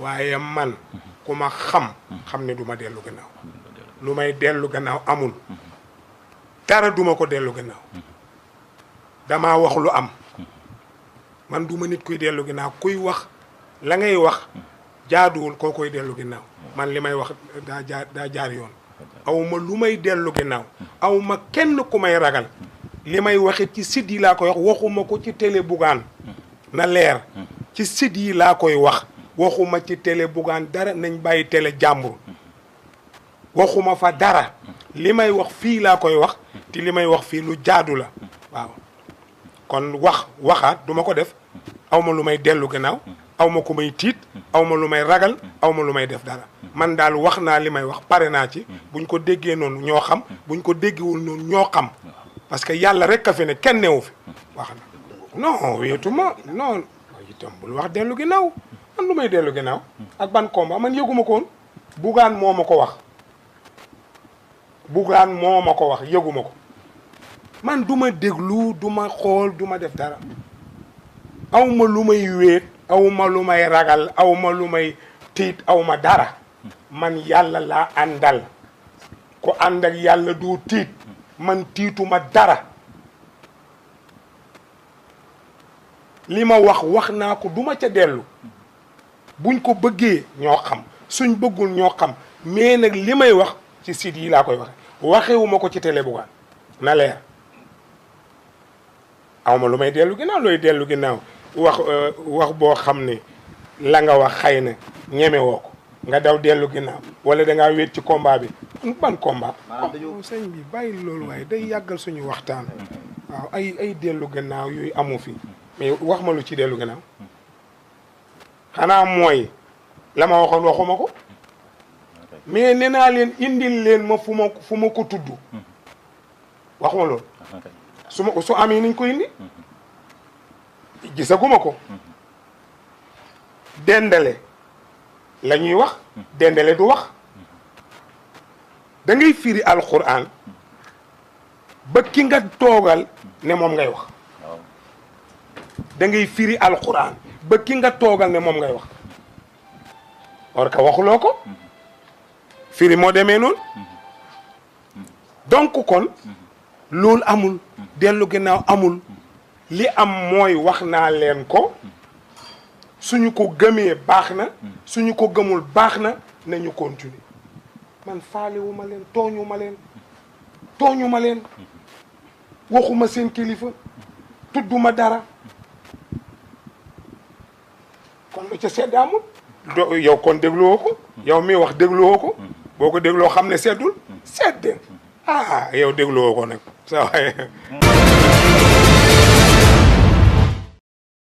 waaye man ku ma xam xam ne du ma dellu gannaaw lu may dellu gannaaw amul dara duma ko dellu gannaaw dama wax lu am man du ma nit kuy dellu ginnaaw kuy wax la ngay wax jaaduwul koo koy dellu ginnaaw man li may wax daa jaar daa jaar yoon awma lu may dellu ginnaaw awma kenn ku may ragal li may waxit ci sit yi laa koy wax waxuma ko ci télé bugaan na leer ci site yi laa koy wax waxuma ci télé bugaan dara nañ bàyyi télé jàmbur waxuma fa dara li may wax fii laa koy wax ti li may wax fii lu jaadu la waaw kon wax waxaat duma ko def awma lu may dellu gannaaw awma ku may tiit awma lu may ragal awma lu may def dara man daal wax naa li may wax pare naa ci buñ ko déggee noonu ñoo xam buñ ko déggewul noonu ñoo xam parce que yàlla rek a fi ne kenn newu fi wax na non itam bul wax dellu ginnaaw man lu may dellu ginnaaw. ak ban combat man yëguma ko woon. Bougane moo ma ko wax Bougane moo ma ko wax yëguma ko man du ma déglu du ma xool duma def dara awma lu may wéet awma lu may ragal awma lu may tiit awma dara man yàlla laa àndal ku ànd ak yàlla du tiit man tiituma dara li ma wax wax naa ko duma ca dellu buñ ko bëggee ñoo xam suñ bëggul ñoo xam mais nag li may wax ci site yi laa koy waxe waxewuma ko ci télé bu gaan na leer awma lu may dellu ginnaaw looy dellu ginnaaw wax euh, wax boo xam ne la nga wax xëy na ñeme ko nga daw dellu ginnaaw wala da ngaa wéet ci combat bi ban combat oh, sëñ bi bàyyi loolu waaye day yàggal suñu waxtaan waaw ay ay dellu gannaaw yooyu amu fi mais wax ma lu ci dellu ginnaaw xanaa mooy la ma waxoon waxuma ko mais ne naa leen indi leen ma fu ma fu ma ko tudd waxuma loolu su ma su amee niñ ko indi gisaguma ko dendale la ñuy wax dendale du wax dangay ngay firi alquran ba ki nga toogal ne moom ngay wax da ngay firi alquran ba ki nga toogal ne moom ngay wax or que waxuloo ko firi moo demee noonu donc kon loolu amul dellu ginnaaw amul li am mooy wax naa leen ko suñu ko gëmee baax na suñu ko gëmul baax na nañu continuer man faalewu ma leen tooñu ma leen tooñu ma leen waxuma seen kilifa tudduma dara kon lu ca sedd amul do yow kon dégluwoo ko yow mi wax dégluwoo ko boo ko dégloo xam ne seddul sedd ah yow dégluwoo ko nag